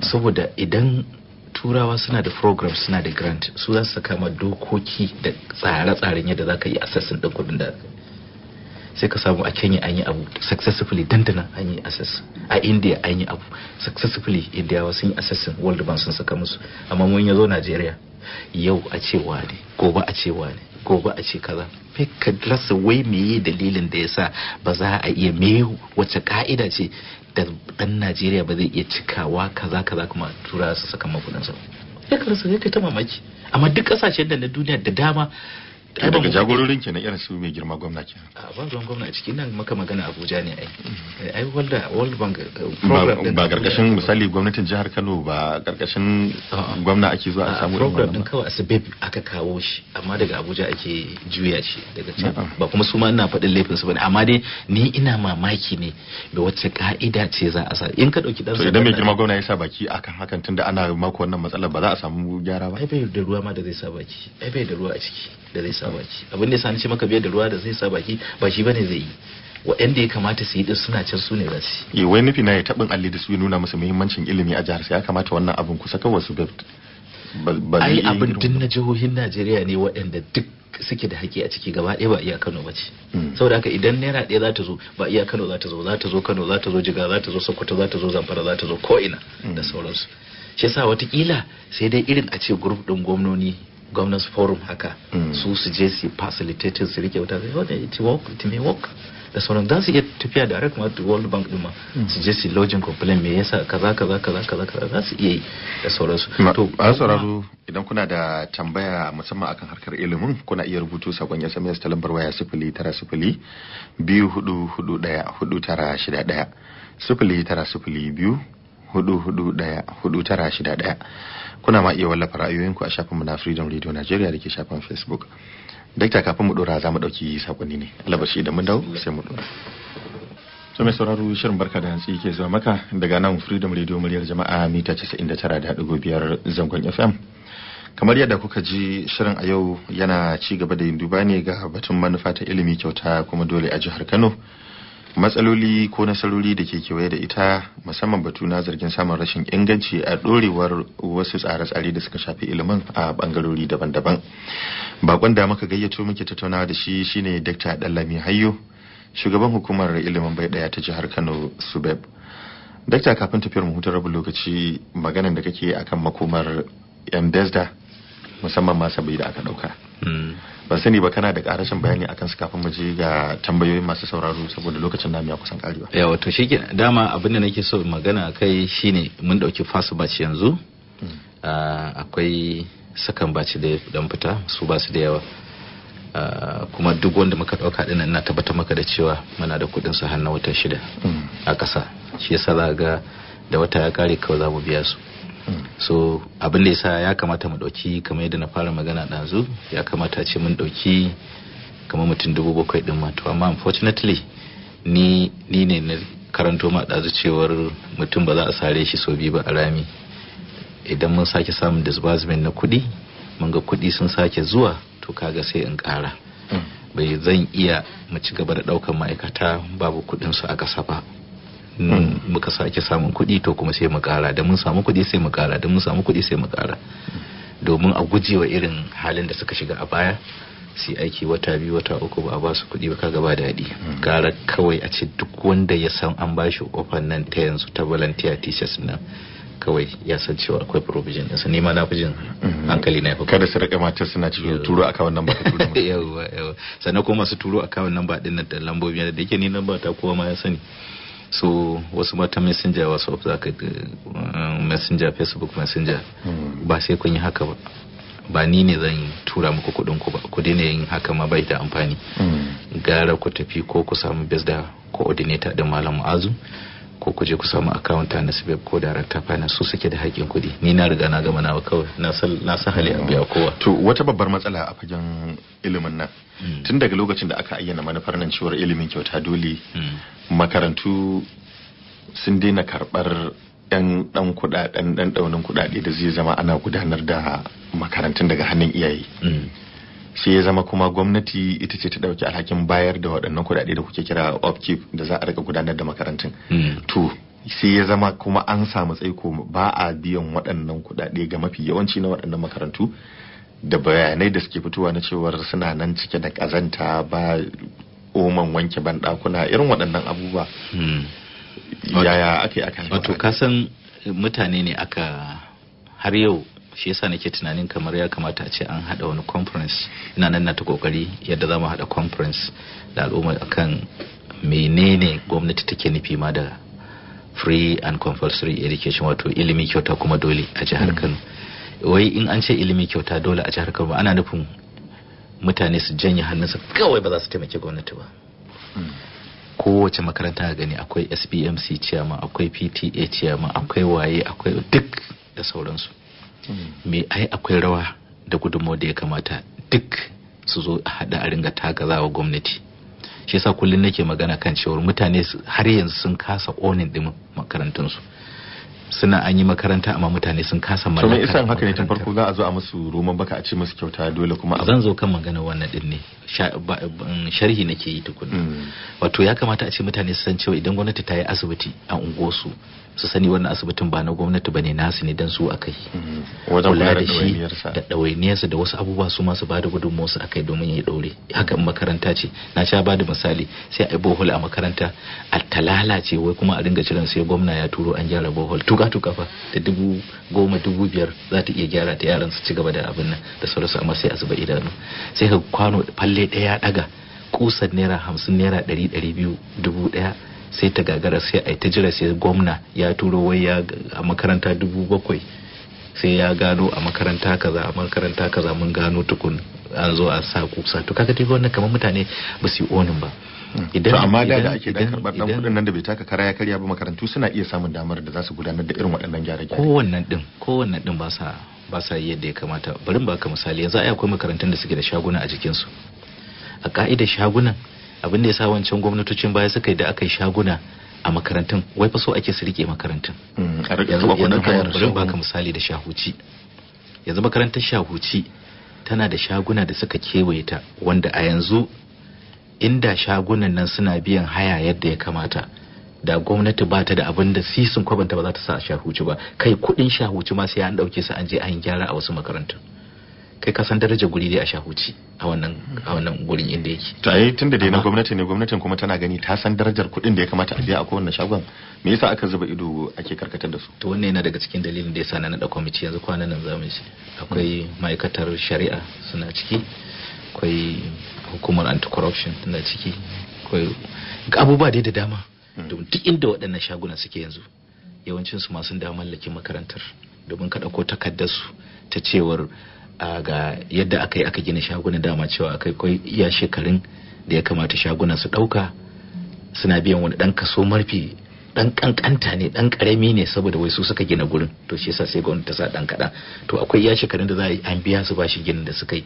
saboda idan turawa suna da program suna da grant su za su saka dokoki da tsare-tsaren yadda za ka yi assessing din kudin da sai ka samu a kenya an yi abu successfully dandana an yi assess a india an yi abu successfully indiyawa sun yi assessing world bank sun saka musu amma mun zo najeriya yau a cewa ne gobe a cewa ne gobe a ce kaza sai rasa wai meye dalilin da yasa ba za a iya me wace ka'ida ce da dan Najeriya ba zai iya cikawa kaza kaza kuma tura su saka makudan ya karasa rasa ta mamaki amma duk kasashen da na duniya da dama kai daga jagororin na irin su mai girma gwamna kenan a ba ruwan gwamna a cikin nan maka magana Abuja ne ai mm-hmm. ai wanda World Bank uh, program ba gargashin misali gwamnatin jihar Kano ba gargashin gwamna ake zuwa a samu program din kawai asibib aka kawo shi amma daga Abuja ake juya shi daga can ba kuma su ma ina faɗin laifin su bane amma dai ni ina mamaki ne da wacce ka'ida ce za a sa in ka dauki dan to idan mai girma gwamna ya sa baki akan hakan tunda ana mako wannan matsalar ba za a samu gyara ba ai bai da ruwa ma da zai sa baki ai bai da ruwa a ciki da zai sa baki abin da sani shi ce maka biyar da ruwa da zai sa baki ba shi bane zai yi waɗanda ya kamata su yi din suna can su ne za su yi eh, wai nufi na ya taɓin alli da su nuna musu muhimmancin ilimi a jihar sai ya kamata wannan abin kusa kawai su ai abin din na jihohin Najeriya ne waɗanda duk suke da haƙƙi a ciki gaba ɗaya ba iya Kano ba ce hmm. saboda haka idan naira ɗaya za ta zo ba iya Kano za ta zo za ta zo Kano za ta zo Jigawa za ta zo Sokoto za ta zo Zamfara za ta zo Koina. da hmm. sauransu shi yasa watakila sai dai irin a ce grup ɗin gwamnoni governance forum haka hmm. su su je su facilitate su rike wata zai wata it work it may work da sauran za su iya tafiya da arak mata world bank din ma hmm. su je su lodging complaint me yasa kaza kaza kaza kaza kaza za su iya yi da su to a sauraro idan kuna da tambaya musamman akan harkar ilimin kuna iya rubutu sakon sms ta lambar waya sifili tara sifili biyu hudu hudu daya hudu tara shida daya sifili tara sifili biyu hudu hudu daya hudu tara shida daya kuna ma iya wallafa ra'ayoyinku a shafinmu na Freedom Radio Nigeria da ke shafin Facebook. Dakta kafin mu dora za mu ɗauki sakonni ne. Alabashi da mun dawo sai mu dora. To mai sauraro shirin barka da hantsi ke zuwa maka daga nan Freedom Radio muryar jama'a mita 99.5 zangon FM. Kamar yadda kuka ji shirin a yau yana ci gaba da yin duba ne ga batun manufa ta ilimi kyauta kuma dole a jihar Kano. matsaloli ko nasarori da ke kewaye da ita musamman batu na zargin samun rashin inganci a dorewar wasu tsare-tsare da suka shafi ilimin a bangarori daban-daban bakon da muka gayyato muke tattaunawa da shi shine dr dallami hayo shugaban hukumar ilimin bai daya ta jihar kano subeb Dr. kafin tafiyar mu hutar rabin lokaci maganan da kake akan makomar yan musamman ma saboda aka dauka hmm. ban sani ba kana da karashin bayani akan su kafin mu je ga tambayoyin masu sauraro saboda lokacin namu ya kusan karewa ya wato shi dama abin da nake so magana kai shine mun dauki fasu baci yanzu hmm. ah, akwai sakan baci da dan fita su basu da yawa ah, kuma duk wanda muka dauka dinnan ina tabbatar maka da cewa muna da kudin su har na watan shida hmm. a kasa shi yasa za ga da wata ya kare kawai za mu biya su so abin da yasa ya kamata mu dauki kamar yadda na fara magana ɗazu ya kamata ce mun dauki kamar mutum dubu bakwai din ma to amma unfortunately ni ni ne na karanto ma ɗazu cewar mutum ba za a sare shi sau biyu ba a rami idan mun sake samun disbursement na kuɗi mun ga kuɗi sun sake zuwa to kaga sai in ƙara mm. bai zan iya mu ci gaba da ɗaukar ma'aikata babu kuɗinsu a ƙasa ba Hmm. muka sake samun kuɗi to kuma sai mu ƙara da mun samu kuɗi sai mu ƙara da mun samu kuɗi sai mu ƙara domin a gujewa irin halin da suka shiga a baya sai aiki wata biyu wata uku ba a ba su kuɗi ba kaga ba daɗi hmm. gara kawai a ce duk wanda ya san an ba shi ofan nan ta yanzu ta volunteer teachers nan kawai ya san cewa akwai provision ɗinsa ni ma na fi jin hmm. hankali na yau kada su rika matar suna cikin turo akawun namba ka turo yawa yawa sannan kuma su turo akawun namba ɗin nan da lambobi da yake ni namba ta kowa ma ya sani so wasu mata messenger whatsapp za ka um, messenger facebook messenger hmm. ba sai kun yi haka ba ba ni ne zan tura muku kuɗin ku ba ku daina yin haka ma bai da amfani hmm. gara ku tafi ko ku samu best da coordinator din malam azu ko ku je ku samu account na sibeb ko director fana su suke da haƙin kuɗi ni na riga na gama na kawai na hali a biya kowa to wata babbar matsala a fagen ilimin nan Hmm. tun daga lokacin da aka ayyana manufar nan cewar ilimin kyauta dole hmm. makarantu sun daina karɓar yan dan kudaden dan daunin kudade da zai zama ana gudanar da makarantun daga hannun iyaye hmm. sai ya zama kuma gwamnati ita ce ta dauki alhakin bayar da waɗannan kudade da kuke kira upkeep da za a rika gudanar da makarantun to sai ya zama kuma an samu tsaiko ba a biyan waɗannan kudade ga mafi yawanci na waɗannan makarantu da bayanai da suke fitowa na cewar suna nan cike da kazanta ba oman wanke banɗakuna irin waɗannan abubuwa hmm. yaya aka yi aka wato kasan mutane ne aka har yau shi yasa nake tunanin kamar ya kamata a ce an hada wani conference ina nan na ta kokari yadda za mu hada conference da al'umma akan menene gwamnati take nufi ma da free and compulsory education wato ilimi kyauta kuma dole a jihar hmm. Kano wai in an ce ilimi kyauta dole a jihar Kano ana nufin mutane su janye hannunsu kawai ba za su taimake gwamnati ba kowace makaranta gani akwai SBMC ciyama akwai PTA ciyama akwai waye akwai duk da sauransu me ai akwai rawa da gudunmawar da ya kamata duk su zo a hada a ringa tagazawa gwamnati shi yasa kullum nake magana kan cewar mutane har yanzu sun kasa onin din makarantunsu suna an yi makaranta amma mutane sun kasa mallaka. To me isan haka ne ta farko za a zo a musu roman baka a ce musu kyauta dole kuma zan zo kan magana wannan din ne sharhi nake yi tukuna. Hmm. Wato ya kamata a ce mutane su san cewa idan gwamnati ta yi asibiti a unguwarsu su sani wannan asibitin ba na gwamnati bane nasu ne dan su akai mm-hmm. kula da shi da ɗawainiyarsa da wasu abubuwa su masu bada gudunmuwa su akai domin ya ɗaure. haka makaranta ce na sha bada misali sai a yi bohol a makaranta a talala ce wai kuma a dinga ciran sai gwamna ya turo an gyara bohol tuka tuka fa da dubu goma dubu biyar za ta iya gyara ta yaran su ci gaba da abin nan da sauransu amma sai a zuba idanu sai ka kwano falle ɗaya ɗaga kusan naira hamsin naira ɗari ɗari biyu dubu daya. sai ta gagara sai a ta jira sai gwamna ya turo wai ya a makaranta dubu bakwai sai ya gano a makaranta kaza a makaranta kaza mun gano tukun an zo a sa kusa to kaga dai wannan kamar mutane ba su yi onin ba hmm. idan amma da da ake da karbar dan kudin nan da bai taka kara ya karya ba makarantu suna iya samun damar da za su gudanar da irin waɗannan gyare-gyare kowannan din kowannan din ba sa ba sa yi yadda ya kamata bari ba ka misali yanzu ai akwai makarantun da suke da shaguna a jikin su a ka'idar shagunan abin da ya sa wancan gwamnatocin baya suka yi da aka yi shaguna a makarantun wai fa so ake su rike mm, makarantun yanzu ka misali da shahuci yanzu makarantar shahuci tana da shaguna da suka kewaye ta wanda a yanzu inda shagunan nan suna biyan haya yadda ya kamata da gwamnati ba ta da abin da sisin kwabanta ba za ta sa shahuci ba kai kudin shahuci ma sai an dauke su an je an gyara a wasu makarantun kai ka san darajar guri dai a shahuci a wannan a wannan gurin inda yake to ai tunda dai na gwamnati ne gwamnatin kuma tana gani ta san darajar kuɗin da ya kamata a biya a kowanne shagon me yasa aka zuba ido ake karkatar da su to wannan yana daga cikin dalilin da yasa na nada kwamiti yanzu kwanan nan zamu shi akwai ma'aikatar shari'a suna ciki akwai hukumar anti-corruption tana ciki akwai abubuwa dai da dama hmm. domin duk inda waɗannan shaguna suke yanzu yawancin su masu da mallakin makarantar domin kada ko takardar su ta cewar ga yadda aka yi aka gina shaguna dama cewa akai kai iya shekarun da ya kamata shaguna su ɗauka suna biyan wani dan kaso marfi ɗan ƙanƙanta ne ɗan karami ne saboda wai su suka gina gurin to shi yasa sai gwamnati ta sa ɗan kaɗan to akwai iya shekarun da za a yi an biya su bashi ginin da suka yi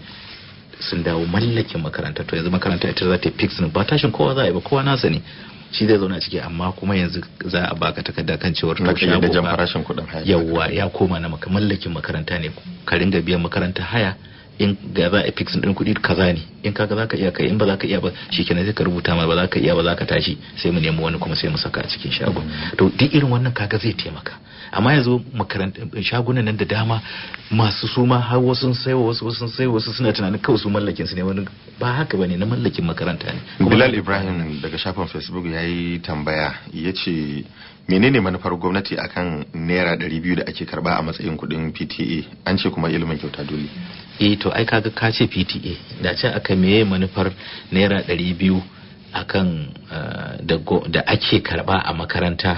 sun dawo mallakin makaranta to yanzu makaranta ita za ta fix ba tashin kowa za a yi ba kowa nasa ne shi zai zauna ciki amma kuma yanzu za a baka takarda kan cewar ta shago da farashin kuɗin haya yawa ya koma na maka mallakin makaranta ne ka ringa biyan makaranta haya in ga za a fixin din kuɗi kaza ne in kaga za ka iya kai in ba za ka iya ba shikenan sai ka rubuta ma ba za ka iya ba za ka tashi sai mu nemi wani kuma sai mu saka a cikin shago mm. to duk irin wannan kaga zai taimaka amma yanzu makarantar shagunan nan da dama masu suma har wasu saiwa wasu wasu saiwa wasu suna tunanin kawai su mallakin su ne wani ba haka bane na mallakin makaranta ne Bilal Ibrahim daga shafin Facebook yayi tambaya ya yace menene manufar gwamnati akan naira 200 da ake karba a matsayin kudin PTA an ce kuma ilimin kyauta dole eh to ai kaga ka ce PTA da ce aka meye manufar naira 200 akan eh, da ake karba a makaranta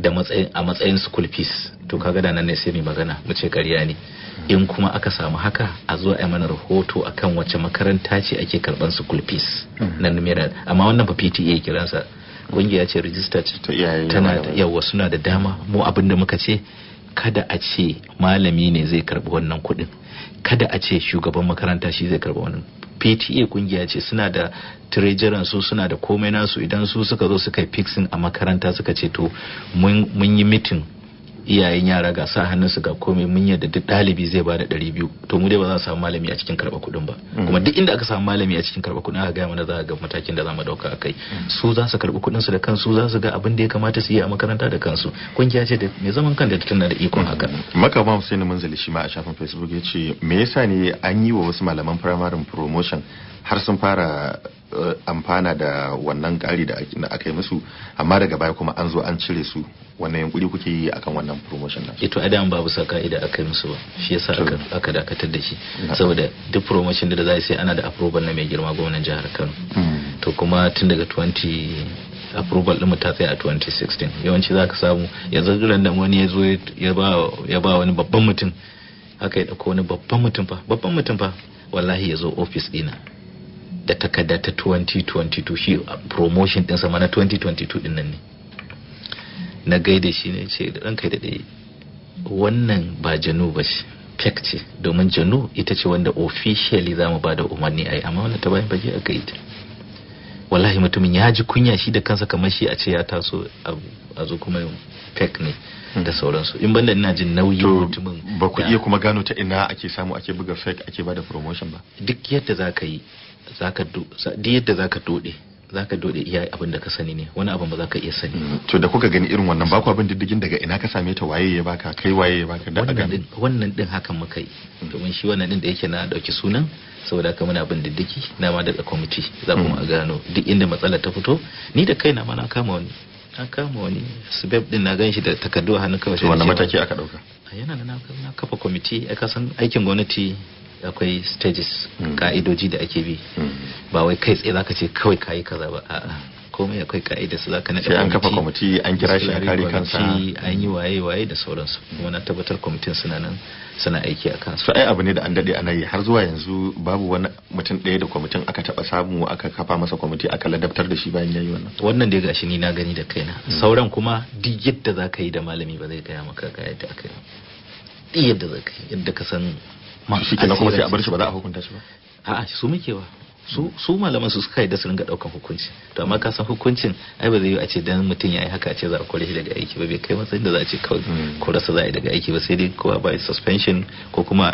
da matsayin a matsayin school fees to kaga da nan ne sai mai magana mu ce ƙarya ne in kuma aka samu haka a zo a mana rahoto akan wace makaranta ce ake karban school fees na numera amma wannan ba PTA kiransa kungiya ce register ce tana yawa suna da dama mu abin da muka ce kada a ce malami ne zai karbi wannan kuɗin kada a ce shugaban makaranta shi zai karbi wannan PTA kungiya ce suna da trejiran su suna da komai nasu idan su suka zo suka fixing a makaranta suka ce to mun yi meeting iyayen yara ga sa su ga komai mun yadda duk ɗalibi zai ba da ɗari biyu to mu dai ba za a samu malami a cikin karɓa kuɗin ba mm. kuma duk inda aka samu malami a cikin karɓa kuɗin aka gaya mana za a ga matakin da za mu ɗauka a kai mm. su za su karɓi kuɗinsu da kansu za su ga abin da ya kamata su yi a makaranta da kansu kungiya ce da mai zaman kan kanta tun da ikon mm. haka. makama Hussein Manzali shi ma a shafin Facebook ya ce me yasa ne an yi wa wasu malaman firamarin promotion har sun fara eh, amfana da wannan ƙari da aka yi musu amma daga baya kuma an zo an cire su wannan yankuri kuke yi akan wannan promotion na ito eh adam babu sa ka'ida aka yi musu ba shi yasa aka dakatar da shi saboda duk promotion da za sai ana da approval na mai girma gwamnan jihar Kano hmm. to kuma tun daga 20 approval din ta tsaya a 2016 yawanci za ka samu yanzu duran da wani ya zo ya ba wani babban mutum haka ya dauko wani babban mutum fa babban mutum fa wallahi ya zo office dina da takarda ta 2022 shi uh, promotion din sama na 2022 din nan ne na gaida shi ne ce da da daɗe wannan ba janu ba shi fek ce domin janu ita ce wanda officially za mu ba da umarni a yi amma wannan ta bayan fage aka yi ta wallahi mutumin ya ji kunya shi da kansa kamar shi a ce ya taso a zo kuma fek ne hmm. da sauransu in banda ina jin nauyi mutumin ba ku iya kuma gano ta ina ake samu ake buga fek ake bada promotion ba duk yadda za ka yi duk yadda za ka dode za ka dode iya abin da ka sani ne wani abin ba za ka iya sani to da kuka gani irin wannan baku abin diddigin daga ina ka same ta waye ya baka kai waye ya baka da wannan din hakan muka yi mm. domin shi wannan din da yake na dauki sunan saboda ka muna bin diddiki na ma daga kwamiti za ku mm. a gano duk inda matsalar ta fito ni da kaina ma na kama wani Na kama wani subeb din na gan shi da takardu a hannun kawai wannan mataki aka dauka yana da na kafa kwamiti a kasan aikin gwamnati akwai stages mm. ka'idoji da ake bi mm. ba wai kai tsaye zaka ce kawai kayi kaza ba a'a komai akwai ka'ida su zaka nada an kafa kwamiti an kira shi an kare kansa an yi mm. waye waye da sauransu kuma na tabbatar kwamitin suna nan suna aiki a kansu ai abu ne da an dade ana yi har zuwa yanzu babu wani mutum ɗaya da kwamitin aka taba samu aka kafa masa kwamiti aka ladabtar da shi bayan yayi wannan wannan dai gashi ni na gani da kaina sauran kuma duk yadda zaka yi da malami ba zai gaya maka ga yadda aka yi yadda zaka yi yadda ka san shi kenan kuma sai a bar shi ba za a hukunta shi ba a'a su muke ba su su malaman su suka yadda su ringa daukan hukunci to amma ka san hukuncin ai ba zai yi a ce dan mutum ya yi haka ce za a kore shi daga aiki ba bai kai matsayin da za a ce kawai hmm. rasa za a yi daga aiki ba sai dai ko a bai suspension ko kuma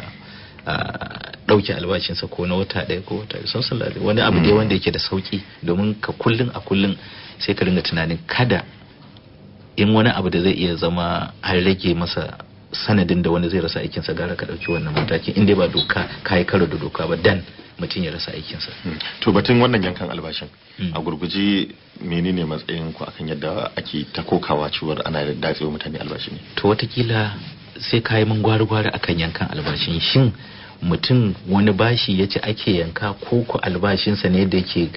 a ɗauke albashinsa ko na wata ɗaya ko wata sun lalle wani abu dai hmm. wanda yake da sauki domin ka kullum a kullum sai ka ringa tunanin kada in wani abu da zai iya zama har rage masa sanadin da wani zai rasa aikinsa gara ka ɗauki wannan mataki in dai ba doka ka yi karo da doka ba dan mutum ya rasa aikinsa. Hmm. to batun wannan yankan albashin hmm. a gurguji menene matsayin ku akan yadda ake ta kokawa cewar ana da datsewa mutane albashi ne. to watakila sai ka yi min gwari-gwari akan yankan albashin shin mutum wani bashi ya ci ake yanka ko ku albashinsa ne da ke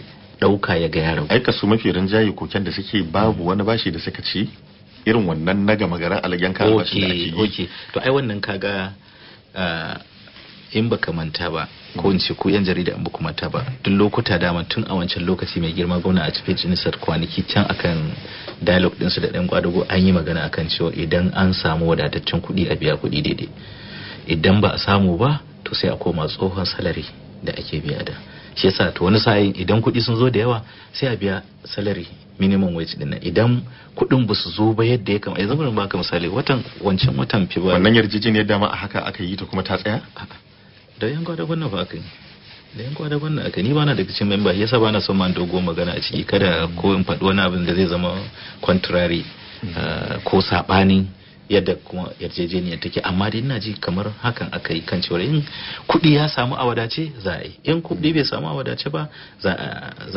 ɗauka ya ga yaron. aika su mafi rinjaye koken da suke babu wani bashi da suka ci irin wannan na gama garin alagen karamashin da ake yi to ai wannan kaga ah, in baka manta ba ko in ce ku yan jarida in baka manta ba duk lokuta dama tun a wancan lokaci mai girma gwamna a cikin jinisar kwanaki can a akan dialogue ɗinsu da ɗan kwadago an yi magana akan cewa idan an samu wadataccen kuɗi a biya kuɗi daidai idan ba a samu ba to sai a koma tsohon salari da ake biya da shi yasa to wani sa'in idan kuɗi sun zo da yawa sai a biya salari minimum wage din idan kuɗin ba su zo ba yadda ya kamata yanzu ba baka misali watan wancan watan fi ba wannan yarjejeniyar dama a haka aka yi ta kuma ta tsaya da yan gwada gwanna ba aka yi da yan gwada gwanna aka ni bana daga cikin memba yasa bana son man dogo magana a ciki kada ko in faɗi wani abin da zai zama contrary hmm. ah, ko sabani yadda kuma yarjejeniyar take amma dai ina ji kamar hakan aka yi kan cewar in kuɗi ya samu a wadace za a yi in kuɗi bai samu a wadace ba za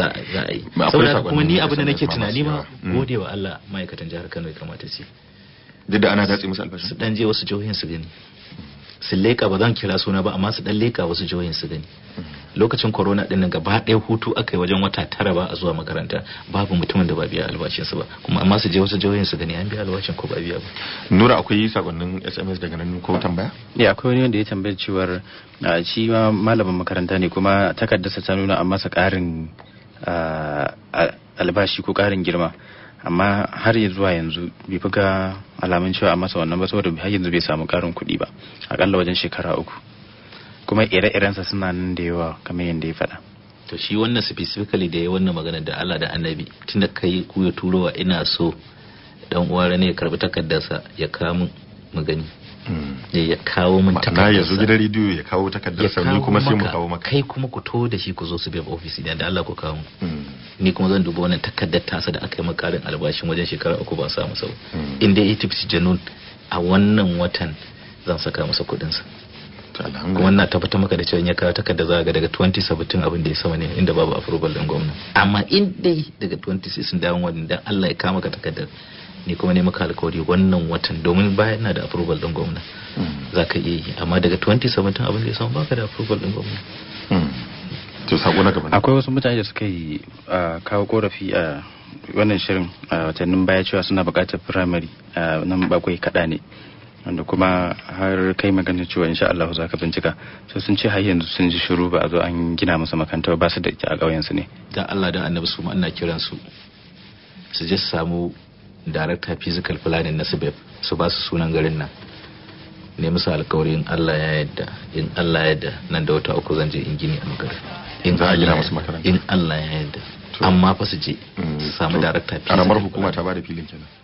a yi saboda kuma ni abin da nake tunani ma mm. gode wa Allah ma'aikatan jihar Kano ya kamata su duk da ana tatsi musu albashi su dan je wasu jihohin su gani su leka ba zan kira suna ba amma su dan leka wasu jihohin su gani mm. lokacin corona din nan gaba ɗaya hutu aka yi wajen wata tara ba a zuwa makaranta babu mutumin da ba biya su ba kuma amma su je wasu jihohin su gani an biya albashin ko ba biya ba nura akwai sakonnin sms daga nan ko tambaya ya eh, akwai wani wanda ya tambaya cewa ah, shi ma malamin makaranta ne kuma sa ta nuna an masa ƙarin ah, albashi ko ƙarin girma amma har zuwa yanzu bai fi ga alamun cewa a masa wannan ba saboda har yanzu bai samu karin kuɗi ba akalla wajen shekara uku kuma ire-irensa suna nan da yawa kamar yadda ya faɗa to shi wannan specifically da ya wannan magana da Allah da Annabi tunda kai ku ya turowa ina so dan uwa ne ya karbi takardarsa ya kawo mu gani hmm. ya kawo min takardarsa ya zo gidan rediyo ya kawo takardarsa ni kuma sai mu kawo maka kai kuma ku to da shi ku zo su bi office da Allah ku kawo hmm. ni kuma zan duba wannan takardar tasa da aka yi makarin albashin wajen shekara uku ba samu sau hmm. inda dai 80 janun a wannan watan zan saka masa kuɗinsa. sa kuma na tabbatar maka da cewa ya kawo takarda za ga daga 2017 abin da ya sama ne inda babu approval din gwamna amma in dai daga 2016 dawon wannan dan Allah ya kama ka takarda ne kuma ne maka alkawari wannan watan domin bayan na da approval din gwamna hmm. za ka iya yi amma daga 2017 abin da ya samu baka da approval din gwamna hmm. to sako na gaba akwai wasu mutane da suka yi kawo korafi a wannan shirin watannin baya cewa suna buƙatar primary nan bakwai kaɗa ne wanda kuma har kai magana cewa insha Allah za ka bincika so sun ce har yanzu sun ji shiru ba a zo an gina masa makaranta ba su da a ƙauyen su ne dan Allah dan annabi su ina kiran su su je su samu director physical planning na Sibeb su ba su sunan garin nan ne musu alkawari in Allah ya yadda in Allah ya yadda nan da wata uku zan je in gini a makaranta in za a gina musu makaranta in Allah ya yadda amma fa su je mm, su samu director physical karamar hukuma ta ba da filin kenan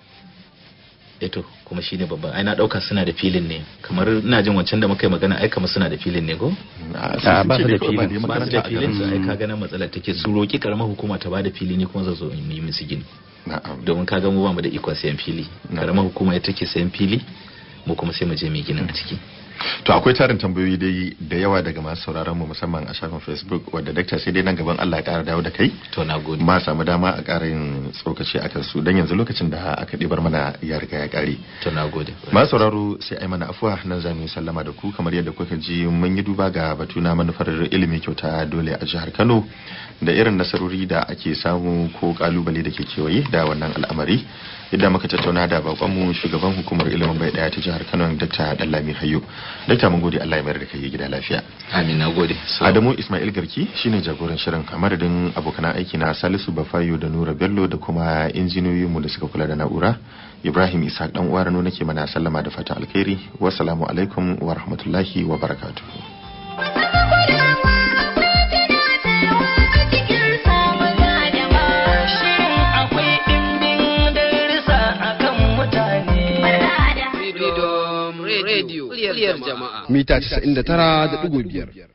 eto eh kuma shine babban ai na dauka suna da filin ne kamar na jin wancan da muka yi magana ai kamar suna da filin ne ko a ba su da filin ba su da filin su ai ka ganin matsalar take su roki karamar hukuma ta bada fili ne kuma zo in yi musu gini domin ka ga mu ba mu da ikon sayan fili karamar hukuma ita take sayan fili mu kuma sai mu je mu gina a ciki to akwai tarin tambayoyi dai da yawa daga masu sauraron mu musamman a shafin facebook wadda dakta sai dai nan gaban Allah ya kara dawo da kai to na gode ma samu dama a kara yin tsokaci a kansu don yanzu lokacin da aka ɗibar mana ya riga ya kare to na gode masu sauraro sai ai mana afuwa nan za yi sallama da ku kamar yadda kuka ji mun yi duba ga batu na manufar ilimi kyauta dole a jihar Kano da irin nasarori da ake samu ko kalubale da ke kewaye da wannan al'amari idan muka tattauna da mu shugaban hukumar ilimin bai daya ta jihar Kano Dr. Dallami Hayyo Dr. mun gode Allah ya mayar da kai gida lafiya amin na gode Adamu Ismail Garki shine jagoran shirin kamar din abokan aiki na Salisu Bafayo da Nura Bello da kuma injiniyoyin mu da suka kula da na'ura Ibrahim Isa dan uwa Rano nake mana sallama da fatan alkhairi wassalamu alaikum wa rahmatullahi wa barakatu. Radio, Radio. jama'a mita 99.5